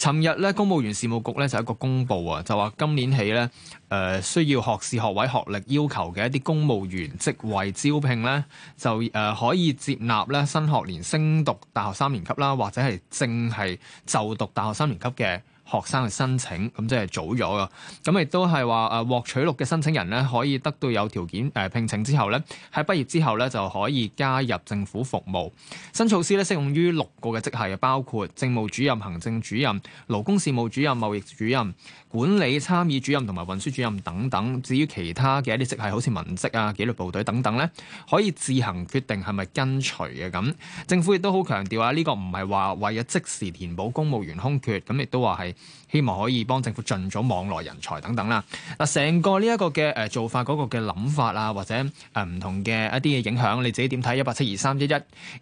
尋日咧，公務員事務局咧就有一個公佈啊，就話今年起咧，誒、呃、需要學士學位學歷要求嘅一啲公務員職位招聘咧，就誒、呃、可以接納咧新學年升讀大學三年級啦，或者係正係就讀大學三年級嘅學生嘅申請，咁即係早咗噶。咁亦都係話誒獲取錄嘅申請人咧，可以得到有條件誒、呃、聘請之後咧，喺畢業之後咧就可以加入政府服務。新措施咧適用於六個嘅職系，包括政務主任、行政主任、勞工事務主任、貿易主任、管理參與主任、管理參議主任同埋運輸主任等等。至於其他嘅一啲職系，好似文職啊、紀律部隊等等咧，可以自行決定係咪跟隨嘅咁。政府亦都好強調啊，呢、這個唔係話為咗即時填補公務員空缺，咁亦都話係。希望可以幫政府盡早網羅人才等等啦。嗱，成個呢一個嘅誒做法嗰個嘅諗法啊，或者誒唔同嘅一啲嘅影響，你自己點睇？一八七二三一一。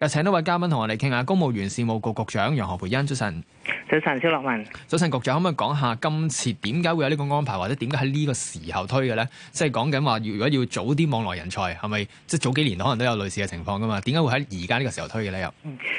又請到位嘉賓同我哋傾下，公務員事務局局,局長楊何蓓茵，早晨。早晨，肖樂文。早晨，局長，可唔可以講下今次點解會有呢個安排，或者點解喺呢個時候推嘅咧？即係講緊話，如果要早啲網羅人才，係咪即係早幾年可能都有類似嘅情況噶嘛？點解會喺而家呢個時候推嘅咧？又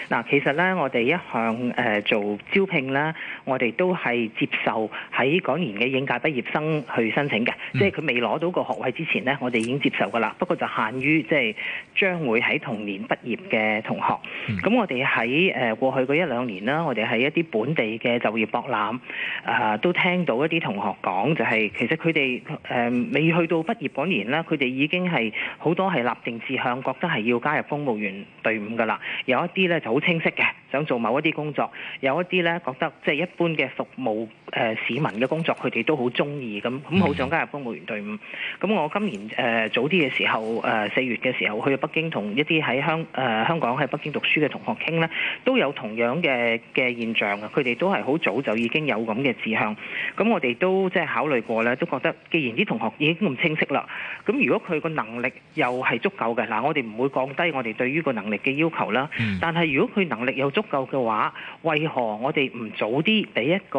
嗱，其實咧，我哋一向誒做招聘啦，我哋都係。係接受喺嗰年嘅應屆畢業生去申請嘅，即係佢未攞到個學位之前呢，我哋已經接受噶啦。不過就限於即係將會喺同年畢業嘅同學。咁我哋喺誒過去嗰一兩年啦，我哋喺一啲本地嘅就業博覽啊、呃，都聽到一啲同學講、就是，就係其實佢哋誒未去到畢業嗰年咧，佢哋已經係好多係立定志向，覺得係要加入公務員隊伍噶啦。有一啲呢就好清晰嘅，想做某一啲工作；有一啲呢覺得即係一般嘅服務冇誒市民嘅工作，佢哋都好中意咁，咁好想加入公務員隊伍。咁我今年誒、呃、早啲嘅時候，誒、呃、四月嘅時候去北京，同一啲喺香誒香港喺北京讀書嘅同學傾咧，都有同樣嘅嘅現象啊。佢哋都係好早就已經有咁嘅志向。咁我哋都即係考慮過咧，都覺得既然啲同學已經咁清晰啦，咁如果佢個能力又係足夠嘅，嗱我哋唔會降低我哋對於個能力嘅要求啦。但係如果佢能力又足夠嘅話，為何我哋唔早啲俾一個。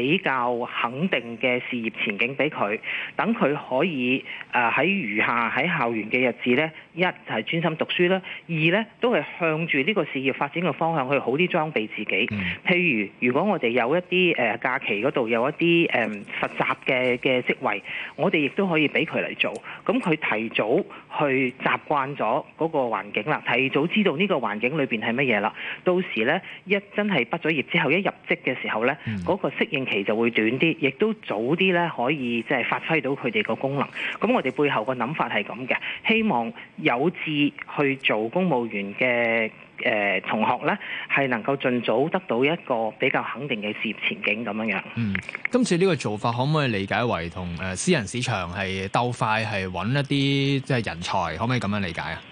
比較肯定嘅事業前景俾佢，等佢可以誒喺餘下喺校園嘅日子呢，一就係、是、專心讀書啦，二呢，都係向住呢個事業發展嘅方向去好啲裝備自己。譬如，如果我哋有一啲誒假期嗰度有一啲誒、嗯、實習嘅嘅職位，我哋亦都可以俾佢嚟做。咁佢提早去習慣咗嗰個環境啦，提早知道呢個環境裏邊係乜嘢啦。到時呢，一真係畢咗業之後，一入職嘅時候呢，嗰、嗯、個適應期就會短啲，亦都早啲咧可以即係發揮到佢哋個功能。咁我哋背後個諗法係咁嘅，希望有志去做公務員嘅誒、呃、同學咧，係能夠盡早得到一個比較肯定嘅事業前景咁樣樣。嗯，今次呢個做法可唔可以理解為同誒私人市場係鬥快，係揾一啲即係人才，可唔可以咁樣理解啊？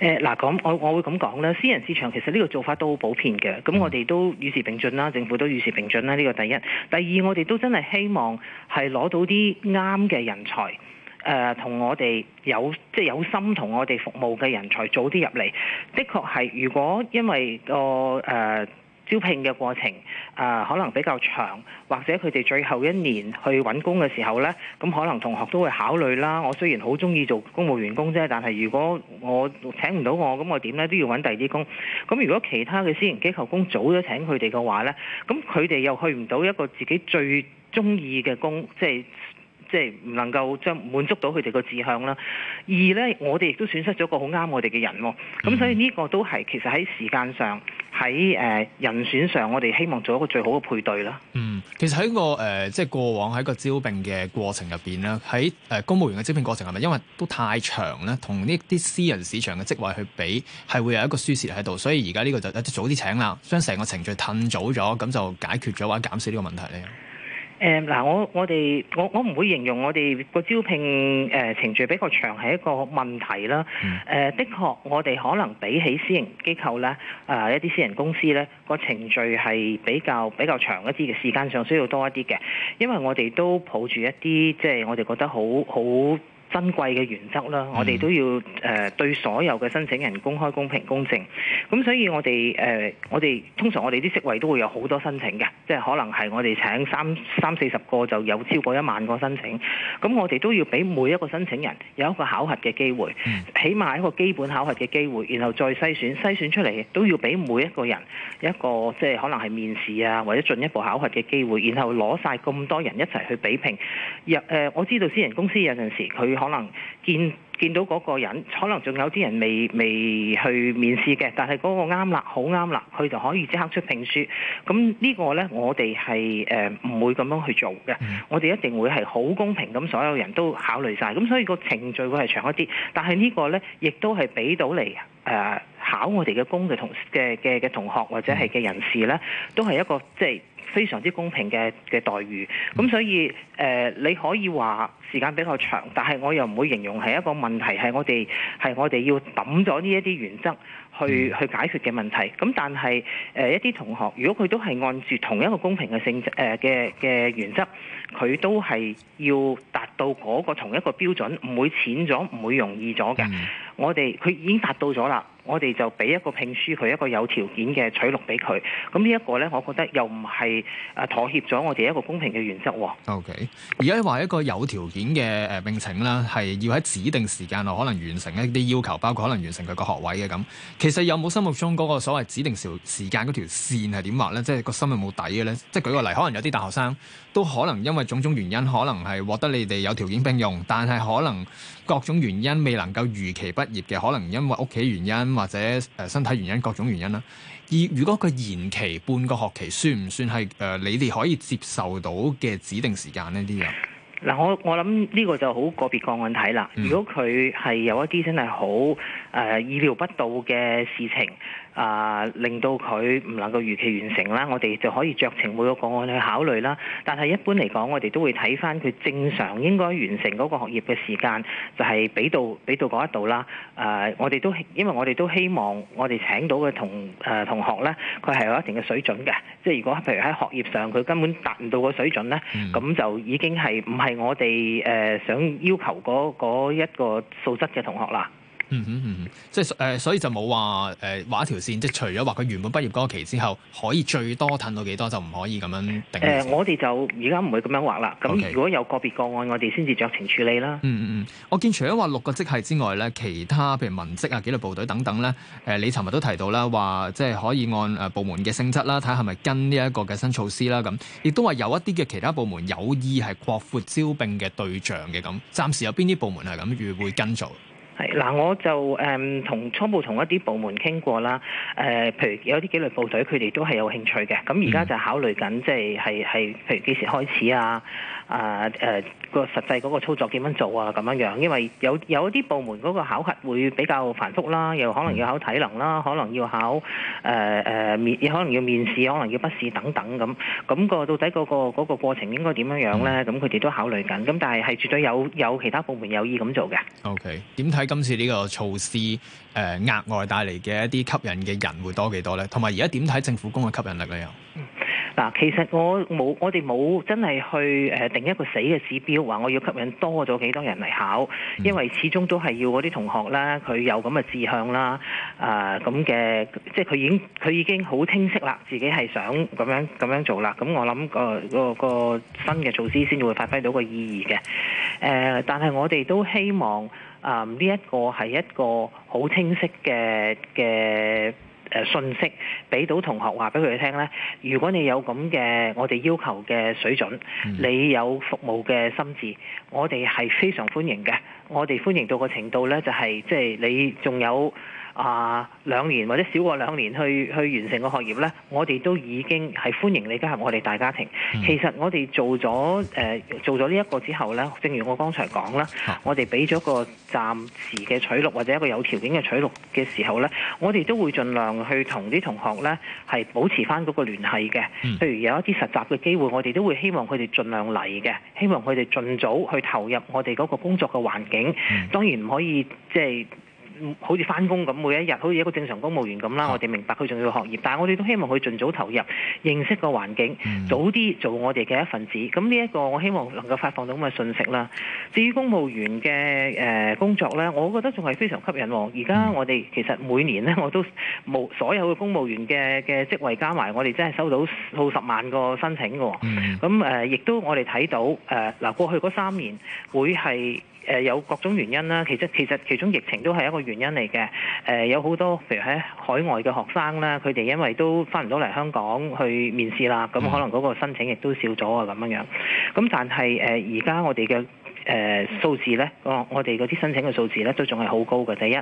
誒嗱，咁、呃、我我會咁講啦，私人市場其實呢個做法都好普遍嘅，咁我哋都與時並進啦，政府都與時並進啦。呢個第一，第二，我哋都真係希望係攞到啲啱嘅人才，誒、呃、同我哋有即係有心同我哋服務嘅人才早啲入嚟。的確係，如果因為個誒。呃招聘嘅過程，誒、呃、可能比較長，或者佢哋最後一年去揾工嘅時候呢，咁可能同學都會考慮啦。我雖然好鍾意做公務員工啫，但係如果我請唔到我，咁我點呢？都要揾第二啲工。咁如果其他嘅私人機構工早咗請佢哋嘅話呢，咁佢哋又去唔到一個自己最鍾意嘅工，即係。即係唔能夠將滿足到佢哋個志向啦。二呢，我哋亦都損失咗個好啱我哋嘅人喎。咁所以呢個都係其實喺時間上，喺誒人選上，我哋希望做一個最好嘅配對啦。嗯，其實喺個誒、呃、即係過往喺個招聘嘅過程入邊咧，喺誒公務員嘅招聘過程係咪因為都太長咧，同呢啲私人市場嘅職位去比係會有一個輸蝕喺度，所以而家呢個就早啲請啦，將成個程序褪早咗，咁就解決咗或者減少呢個問題呢？誒嗱、嗯，我我哋我我唔會形容我哋個招聘誒、呃、程序比較長係一個問題啦。誒、呃，的確我哋可能比起私人機構咧，啊、呃、一啲私人公司咧，個程序係比較比較長一啲，嘅時間上需要多一啲嘅，因為我哋都抱住一啲即係我哋覺得好好。尊貴嘅原則啦，我哋都要誒對所有嘅申請人公開、公平、公正。咁所以我哋誒，我哋通常我哋啲職位都會有好多申請嘅，即係可能係我哋請三三四十個就有超過一萬個申請。咁我哋都要俾每一個申請人有一個考核嘅機會，起碼一個基本考核嘅機會，然後再篩選篩選出嚟都要俾每一個人一個即係可能係面試啊，或者進一步考核嘅機會，然後攞晒咁多人一齊去比拼。若誒，我知道私人公司有陣時佢可能見見到嗰個人，可能仲有啲人未未去面試嘅，但係嗰個啱啦，好啱啦，佢就可以即刻出聘書。咁呢個呢，我哋係誒唔會咁樣去做嘅，我哋一定會係好公平咁，所有人都考慮晒。咁所以個程序會係長一啲，但係呢個呢，亦都係俾到你誒。呃考我哋嘅工嘅同嘅嘅嘅同學或者係嘅人士咧，都係一個即係、就是、非常之公平嘅嘅待遇。咁、嗯、所以誒、呃、你可以話時間比較長，但係我又唔會形容係一個問題，係我哋係我哋要抌咗呢一啲原則去、嗯、去解決嘅問題，咁但係誒、呃、一啲同學，如果佢都係按住同一個公平嘅性質誒嘅嘅原則，佢都係要達到嗰個同一個標準，唔會淺咗，唔會容易咗嘅。嗯、我哋佢已經達到咗啦。我哋就俾一個聘書佢一個有條件嘅取錄俾佢，咁呢一個呢，我覺得又唔係妥協咗我哋一個公平嘅原則喎。OK. 而家話一個有條件嘅誒聘請啦，係要喺指定時間內可能完成一啲要求，包括可能完成佢個學位嘅咁。其實有冇心目中嗰個所謂指定時時間嗰條線係點話呢？即係個心係冇底嘅呢？即係舉個例，可能有啲大學生都可能因為種種原因，可能係獲得你哋有條件並用，但係可能。各種原因未能夠如期畢業嘅，可能因為屋企原因或者誒身體原因各種原因啦。而如果佢延期半個學期算算，算唔算係誒你哋可以接受到嘅指定時間呢？呢啲嘢嗱，我我諗呢個就好個別個案睇啦。嗯、如果佢係有一啲真係好誒意料不到嘅事情。啊、呃，令到佢唔能夠如期完成啦，我哋就可以酌情每個個案去考慮啦。但係一般嚟講，我哋都會睇返佢正常應該完成嗰個學業嘅時間，就係、是、俾到俾到嗰一度啦。誒、呃，我哋都因為我哋都希望我哋請到嘅同誒、呃、同學咧，佢係有一定嘅水準嘅。即係如果譬如喺學業上佢根本達唔到個水準咧，咁、嗯、就已經係唔係我哋誒、呃、想要求嗰、那個、一個素質嘅同學啦。嗯哼嗯嗯，即係誒，所以就冇話誒畫一條線，即係除咗話佢原本畢業嗰期之後，可以最多褪到幾多，就唔可以咁樣定。誒、呃，我哋就而家唔會咁樣畫啦。咁 Okay. 如果有個別個案，我哋先至酌情處理啦。嗯嗯嗯，我見除咗話六個職系之外咧，其他譬如文職啊、紀律部隊等等咧，誒、呃，你尋日都提到啦，話即係可以按誒部門嘅性質啦，睇下係咪跟呢一個嘅新措施啦。咁亦都話有一啲嘅其他部門有意係擴闊招聘嘅對象嘅，咁暫時有邊啲部門係咁預會跟做？係嗱，我就誒同初步同一啲部門傾過啦，誒， 譬如有啲紀律部隊，佢哋都係有興趣嘅。咁而家就考慮緊，即係係係，譬如幾時開始啊？啊誒。個實際嗰個操作點樣做啊？咁樣樣，因為有有一啲部門嗰個考核會比較繁複啦，又可能要考體能啦，可能要考誒誒面，可能要面試，可能要筆試等等咁。咁個到底嗰個嗰個過程應該點樣樣咧？咁佢哋都考慮緊。咁但係係絕對有有其他部門有意咁做嘅。OK，點睇今次呢個措施誒額外帶嚟嘅一啲吸引嘅人會多幾多咧？同埋而家點睇政府工嘅吸引力咧？又？嗱，其實我冇，我哋冇真係去誒定一個死嘅指標，話我要吸引多咗幾多人嚟考，因為始終都係要嗰啲同學啦，佢有咁嘅志向啦，啊咁嘅，即係佢已經佢已經好清晰啦，自己係想咁樣咁樣做啦，咁我諗個個,個新嘅措施先會發揮到個意義嘅，誒、呃，但係我哋都希望啊，呢、呃呢個、一個係一個好清晰嘅嘅。誒信息俾到同學話俾佢哋聽咧，如果你有咁嘅我哋要求嘅水準，mm hmm. 你有服務嘅心智，我哋係非常歡迎嘅。我哋歡迎到個程度咧，就係即係你仲有啊、呃、兩年或者少過兩年去去完成個學業咧，我哋都已經係歡迎你加入我哋大家庭。其實我哋做咗誒、呃、做咗呢一個之後咧，正如我剛才講啦，我哋俾咗個暫時嘅取錄或者一個有條件嘅取錄嘅時候咧，我哋都會盡量去同啲同學咧係保持翻嗰個聯繫嘅。譬如有一啲實習嘅機會，我哋都會希望佢哋盡量嚟嘅，希望佢哋盡早去投入我哋嗰個工作嘅環境。Mm hmm. 當然唔可以即係、就是、好似翻工咁，每一日好似一個正常公務員咁啦。的我哋明白佢仲要學業，但係我哋都希望佢盡早投入，認識個環境，mm hmm. 早啲做我哋嘅一份子。咁呢一個我希望能夠發放到咁嘅信息啦。至於公務員嘅誒工作呢，我覺得仲係非常吸引喎。而家我哋其實每年呢，我都冇所有嘅公務員嘅嘅職位加埋，我哋真係收到數十萬個申請嘅。咁誒、mm，亦、hmm. 呃、都我哋睇到誒嗱、呃，過去嗰三年會係。誒、呃、有各種原因啦，其實其實其中疫情都係一個原因嚟嘅。誒、呃、有好多譬如喺海外嘅學生啦，佢哋因為都返唔到嚟香港去面試啦，咁可能嗰個申請亦都少咗啊，咁樣樣。咁但係誒而家我哋嘅誒、呃、數字咧，我哋嗰啲申請嘅數字咧都仲係好高嘅。第一，第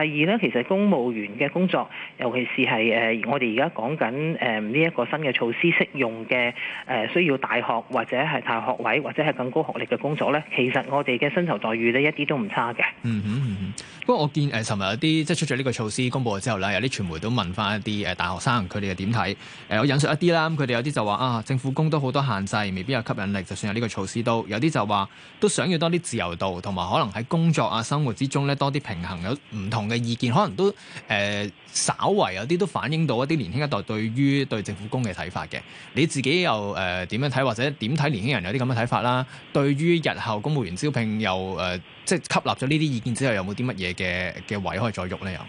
二咧，其實公務員嘅工作，尤其是係誒我哋而家講緊誒呢一個新嘅措施適用嘅誒、呃、需要大學或者係大學位或者係更高學歷嘅工作咧，其實我哋嘅薪酬待遇呢，一啲都唔差嘅、嗯。嗯哼。不過我見誒尋日有啲即係出咗呢個措施公佈之後啦，有啲傳媒都問翻一啲誒大學生佢哋係點睇。誒、呃、我引述一啲啦，佢哋有啲就話啊，政府工都好多限制，未必有吸引力。就算有呢個措施都有啲就話都想。要多啲自由度，同埋可能喺工作啊、生活之中咧多啲平衡。有唔同嘅意見，可能都誒、呃、稍為有啲都反映到一啲年輕一代對於對政府工嘅睇法嘅。你自己又誒點、呃、樣睇，或者點睇年輕人有啲咁嘅睇法啦？對於日後公務員招聘又誒、呃，即係吸納咗呢啲意見之後，有冇啲乜嘢嘅嘅位可以再喐呢？又？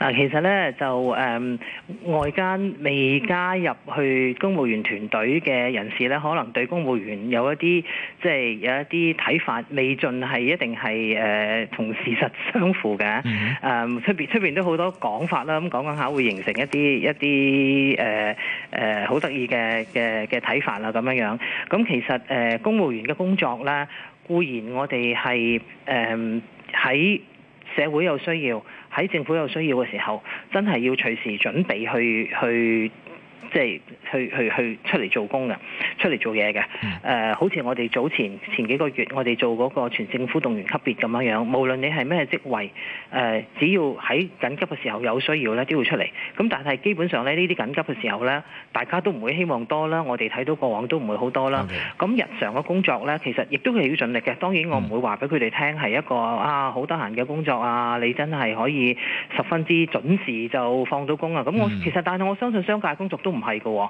嗱，其實咧就誒、呃、外間未加入去公務員團隊嘅人士咧，可能對公務員有一啲即係有一啲睇法，未盡係一定係誒同事實相符嘅。誒出邊出邊都好多講法啦，咁講講下會形成一啲一啲誒誒好得意嘅嘅嘅睇法啦，咁樣樣。咁其實誒、呃、公務員嘅工作咧，固然我哋係誒喺。呃社會有需要，喺政府有需要嘅時候，真係要隨時準備去去。即係去去去出嚟做工嘅，出嚟做嘢嘅。誒、mm. 呃、好似我哋早前前幾個月，我哋做嗰個全政府動員級別咁樣樣，無論你係咩職位，誒、呃、只要喺緊急嘅時候有需要咧，都會出嚟。咁但係基本上咧，呢啲緊急嘅時候咧，大家都唔會希望多啦。我哋睇到過往都唔會好多啦。咁 Okay. 日常嘅工作咧，其實亦都係要盡力嘅。當然我唔會話俾佢哋聽係一個、mm. 啊好得閒嘅工作啊，你真係可以十分之準時就放到工啊。咁我、mm. 其實但係我相信商界工作都。都唔係嘅，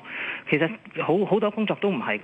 其實好好多工作都唔係嘅。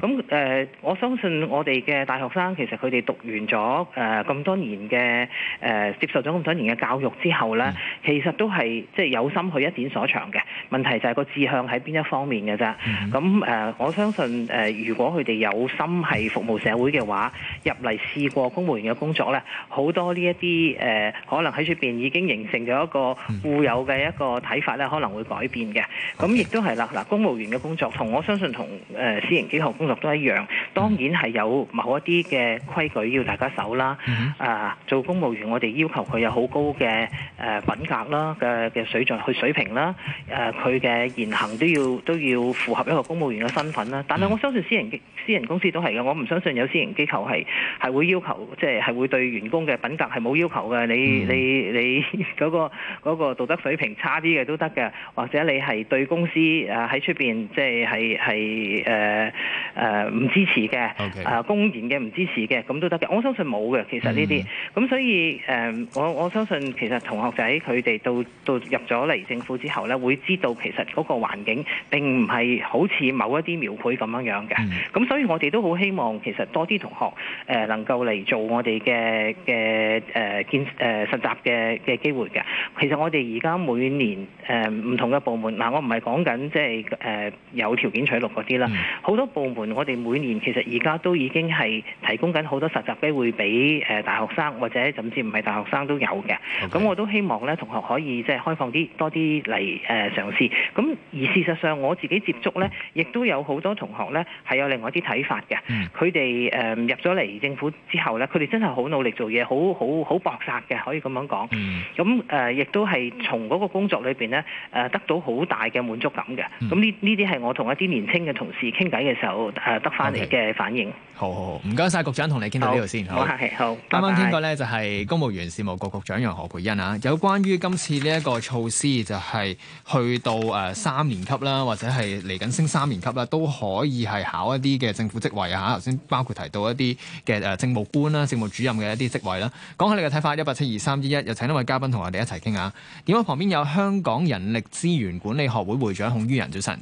咁誒、呃，我相信我哋嘅大學生，其實佢哋讀完咗誒咁多年嘅誒、呃，接受咗咁多年嘅教育之後呢，嗯、其實都係即係有心去一展所長嘅。問題就係個志向喺邊一方面嘅啫。咁誒、嗯呃，我相信誒、呃，如果佢哋有心係服務社會嘅話，入嚟試過公務員嘅工作呢，好多呢一啲誒，可能喺出邊已經形成咗一個固有嘅一個睇法呢，可能會改變嘅。咁亦都係啦，嗱，公務員嘅工作同我相信同誒私營機構工作都一樣，當然係有某一啲嘅規矩要大家守啦。啊、mm hmm. 呃，做公務員我哋要求佢有好高嘅誒品格啦嘅嘅水準去水平啦，誒佢嘅言行都要都要符合一個公務員嘅身份啦。但係我相信私營私人公司都係嘅，我唔相信有私營機構係係會要求即係係會對員工嘅品格係冇要求嘅。你、mm hmm. 你你嗰個嗰個道德水平差啲嘅都得嘅，或者你係對公司。啲誒喺出邊，即係係係誒。誒唔、呃、支持嘅，誒 Okay.、呃、公然嘅唔支持嘅，咁都得嘅。我相信冇嘅，其實呢啲，咁、mm hmm. 所以誒、呃，我我相信其實同學仔佢哋到到入咗嚟政府之後咧，會知道其實嗰個環境並唔係好似某一啲廟會咁樣樣嘅。咁、mm hmm. 所以我哋都好希望其實多啲同學誒、呃、能夠嚟做我哋嘅嘅誒見誒實習嘅嘅機會嘅。其實我哋而家每年誒唔、呃、同嘅部門，嗱、呃、我唔係講緊即係誒有條件取錄嗰啲啦，好、mm hmm. 多部門。我哋每年其實而家都已經係提供緊好多實習機會俾誒大學生或者甚至唔係大學生都有嘅。咁 Okay. 我都希望咧同學可以即係開放啲多啲嚟誒嘗試。咁而事實上我自己接觸咧，亦都有好多同學咧係有另外一啲睇法嘅。佢哋誒入咗嚟政府之後咧，佢哋真係好努力做嘢，好好好搏殺嘅，可以咁樣講。咁誒亦都係從嗰個工作裏邊咧誒得到好大嘅滿足感嘅。咁呢呢啲係我同一啲年青嘅同事傾偈嘅時候，誒得翻嚟嘅反應，好、okay. 好好，唔該晒。局長，同你傾到呢度先。好，好，係好。啱啱傾過咧，就係公務員事務局局,局長楊何蓓茵。嚇，有關於今次呢一個措施，就係去到誒三年級啦，或者係嚟緊升三年級啦，都可以係考一啲嘅政府職位啊嚇。頭先包括提到一啲嘅誒政務官啦、政務主任嘅一啲職位啦。講下你嘅睇法，一八七二三一一，有請一位嘉賓同我哋一齊傾下。點解旁邊有香港人力資源管理學會會,會長孔于人？早晨，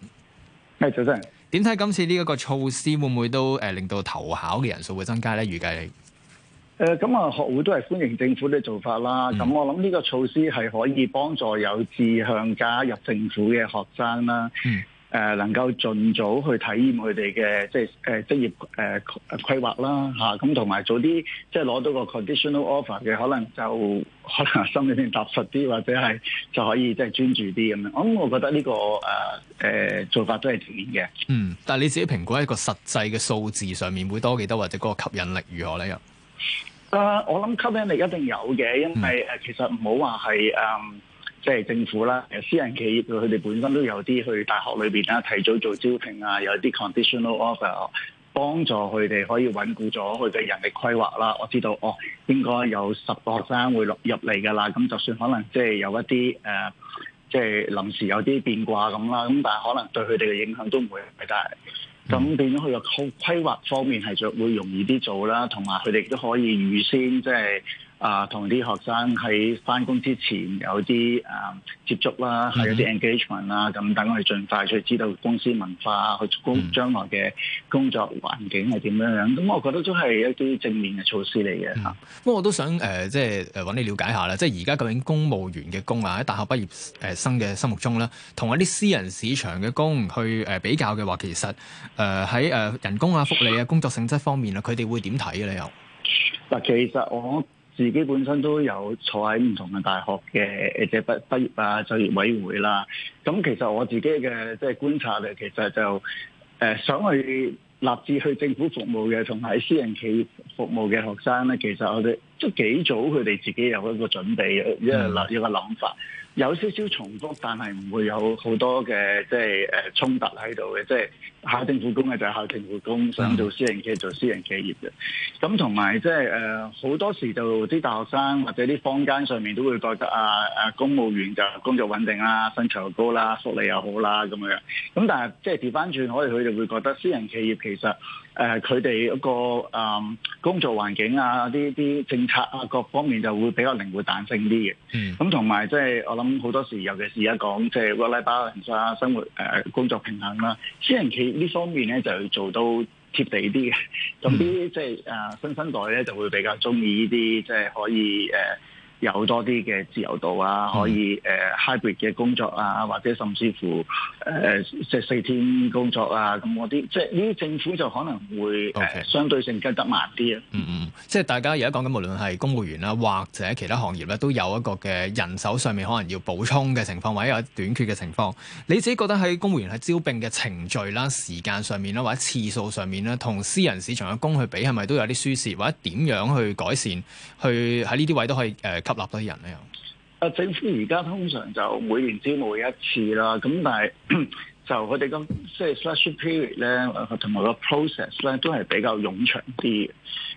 誒，早晨。點睇今次呢一個措施會唔會都誒、呃、令到投考嘅人數會增加咧？預計你誒，咁啊、呃，學會都係歡迎政府嘅做法啦。咁、嗯、我諗呢個措施係可以幫助有志向加入政府嘅學生啦。嗯誒能夠盡早去體驗佢哋嘅即係誒、呃、職業誒誒、呃、規劃啦嚇，咁同埋早啲即係攞到個 conditional offer 嘅，可能就可能心裏面踏實啲，或者係就可以即係專注啲咁樣。咁、嗯、我覺得呢、這個誒誒、呃、做法都係全面嘅。嗯，但係你自己評估喺個實際嘅數字上面會多幾多，或者嗰個吸引力如何咧？又誒、呃，我諗吸引力一定有嘅，因為誒、嗯、其實唔好話係誒、呃即係政府啦，誒私人企業佢哋本身都有啲去大學裏邊啦，提早做招聘啊，有啲 conditional offer 幫助佢哋可以穩固咗佢嘅人力規劃啦。我知道哦，應該有十個學生會落入嚟㗎啦。咁就算可能即係有一啲誒、呃，即係臨時有啲變卦咁啦，咁但係可能對佢哋嘅影響都唔會太大。咁變咗佢個規劃方面係著會容易啲做啦，同埋佢哋都可以預先即係。啊，同啲學生喺翻工之前有啲啊接觸啦，係、mm hmm. 有啲 engagement 啦，咁等佢盡快去知道公司文化去工、mm hmm. 將來嘅工作環境係點樣樣。咁我覺得都係一啲正面嘅措施嚟嘅嚇。咁、mm hmm. 我都想誒、呃，即係誒揾你了解一下啦。即係而家究竟公務員嘅工啊，喺大學畢業誒生嘅心目中啦，同一啲私人市場嘅工去誒比較嘅話，其實誒喺誒人工啊、福利啊、工作性質方面啊，佢哋會點睇嘅？你又嗱，其實我，自己本身都有坐喺唔同嘅大學嘅即係畢畢業啊就業委會啦，咁其實我自己嘅即係觀察咧，其實就誒、呃、想去立志去政府服務嘅，同埋喺私人企業服務嘅學生咧，其實我哋都幾早佢哋自己有一個準備，一個諗一個諗法。嗯有少少重複，但係唔會有好多嘅即係誒衝突喺度嘅，即係考政府工嘅就係考政府工，想做私人企業做私人企業嘅，咁同埋即係誒好多時就啲大學生或者啲坊間上面都會覺得啊啊公務員就工作穩定啦，薪酬又高啦，福利又好啦咁樣，咁但係即係調翻轉，可能佢哋會覺得私人企業其實。誒佢哋一個、呃、工作環境啊，啲啲政策啊，各方面就會比較靈活彈性啲嘅。嗯、mm. 就是，咁同埋即係我諗好多時，尤其是而家講即係 work-life balance 啊，生活誒、呃、工作平衡啦、啊，私人企業呢方面咧就要做到貼地啲嘅。咁啲即係誒新生代咧就會比較中意呢啲即係可以誒。呃有多啲嘅自由度啊，可以誒、uh, hybrid 嘅工作啊，或者甚至乎誒即、uh, 四天工作啊，咁嗰啲即係呢啲政府就可能會誒 Okay. 相對性跟得慢啲啊。嗯嗯，即係大家而家講緊，無論係公務員啦，或者其他行業咧，都有一個嘅人手上面可能要補充嘅情況，或者有短缺嘅情況。你自己覺得喺公務員喺招聘嘅程序啦、時間上面啦，或者次數上面啦，同私人市場嘅工去比，係咪都有啲輸蝕或者點樣去改善，去喺呢啲位都可以誒。呃立低人咧又，啊政府而家通常就每年招募一次啦，咁但係 就佢哋咁即係 slush period 咧，同埋個 process 咧都係比較冗長啲嘅。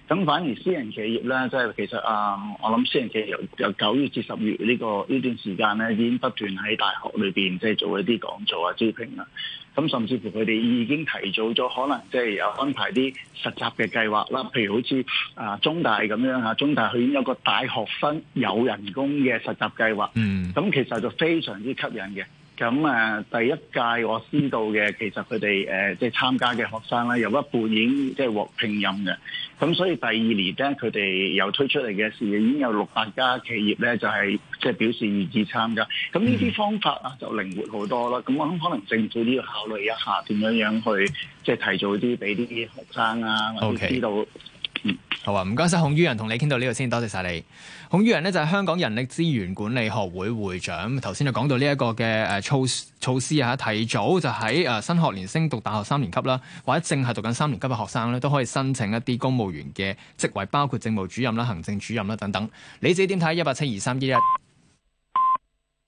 咁反而私人企業咧，即係其實啊，我諗私人企業由九月至十月呢個呢段時間咧，已經不斷喺大學裏邊即係做一啲講座啊、招聘啦。咁甚至乎佢哋已經提早咗，可能即係有安排啲實習嘅計劃啦。譬如好似啊中大咁樣嚇，中大佢已經有個大學生有人工嘅實習計劃。嗯，咁其實就非常之吸引嘅。咁誒第一屆我知道嘅，其實佢哋誒即係參加嘅學生咧，有一半已經即係獲聘任嘅。咁所以第二年咧，佢哋有推出嚟嘅事，已經有六百家企業咧，就係即係表示願意參加。咁呢啲方法啊，就靈活好多啦。咁我諗可能政府都要考慮一下點樣樣去即係提早啲俾啲學生啊，或者知道。Okay. 好啊，唔該晒孔于人同你傾到呢度先，多謝晒你。孔于人呢，就係香港人力資源管理學會會,會長，頭先就講到呢一個嘅誒措措施啊，提早就喺誒新學年升讀大學三年級啦，或者正係讀緊三年級嘅學生咧，都可以申請一啲公務員嘅職位，包括政務主任啦、行政主任啦等等。你自己點睇？一八七二三一一